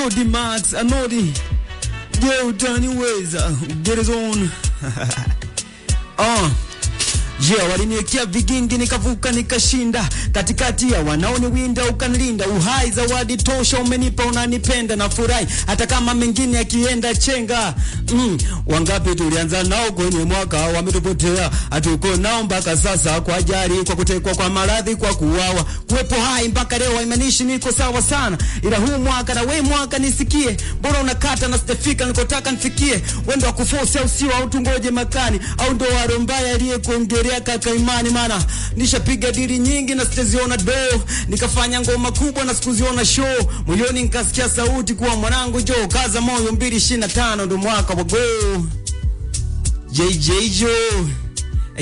Jody Max, the yo, Johnny Ways, uh, get his own. oh. Je, yeah, waliniwekea vigingi nikavuka nikashinda, katikati ya wanaoni winda ukanilinda. Uhai zawadi tosha umenipa, unanipenda na furahi, hata kama mengine yakienda chenga. Mm, wangapi tulianza nao kwenye mwaka wametupotea, hatuko nao mpaka sasa, kwa ajali, kwa kutekwa, kwa maradhi, kwa kuuawa. Kuwepo hai mpaka leo haimanishi niko sawa sana, ila huu mwaka na wewe mwaka nisikie, bora unakata na sitafika nikotaka nifikie? Wendo wa kufosi au sio, au tungoje makani, au ndo warombaya aliyekuongea Maria kaka Imani, maana nishapiga dili nyingi na sitaziona do, nikafanya ngoma kubwa na sikuziona show, moyoni nikasikia sauti kuwa mwanangu jo, kaza moyo, 2025 ndo mwaka wa go JJ jo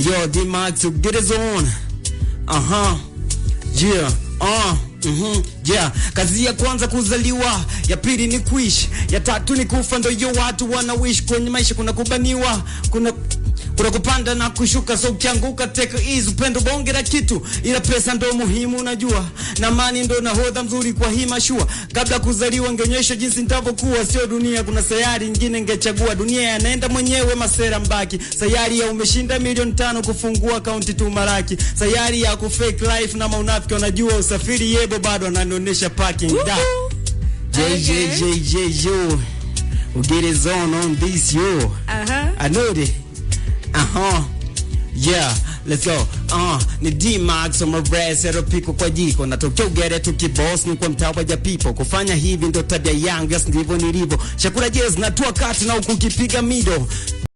yo D Max to get his on aha yeah ah Mhm, mm yeah. Kazi ya kwanza kuzaliwa, ya pili ni kuishi, ya tatu ni kufa, ndio watu wanawishi. kwenye maisha kuna kubaniwa, kuna kuna kupanda na kushuka, so ukianguka take easy, upendo bonge la kitu, ila pesa ndo muhimu unajua, na mani ndo nahodha mzuri kwa hii mashua. Kabla kuzaliwa ngeonyesha jinsi nitavyokuwa, sio dunia, kuna sayari nyingine ngechagua. Dunia yanaenda mwenyewe, masera mbaki. Sayari ya umeshinda milioni tano kufungua akaunti tu maraki, sayari ya kufake life na maunafiki unajua usafiri, yebo bado ananionyesha parking da JJJJ you get his on on this yo uh -huh. I know it Aha. Uh-huh. Yeah, let's go. Uh, ni D-Max on my breast, zero piko kwa jiko natokea ugere tukiboss ni kwa mtaa wa japipo kufanya hivi ndo tabia yangu, yes ndivo nilivyo. Chakula jazz natua kati na ukukipiga mido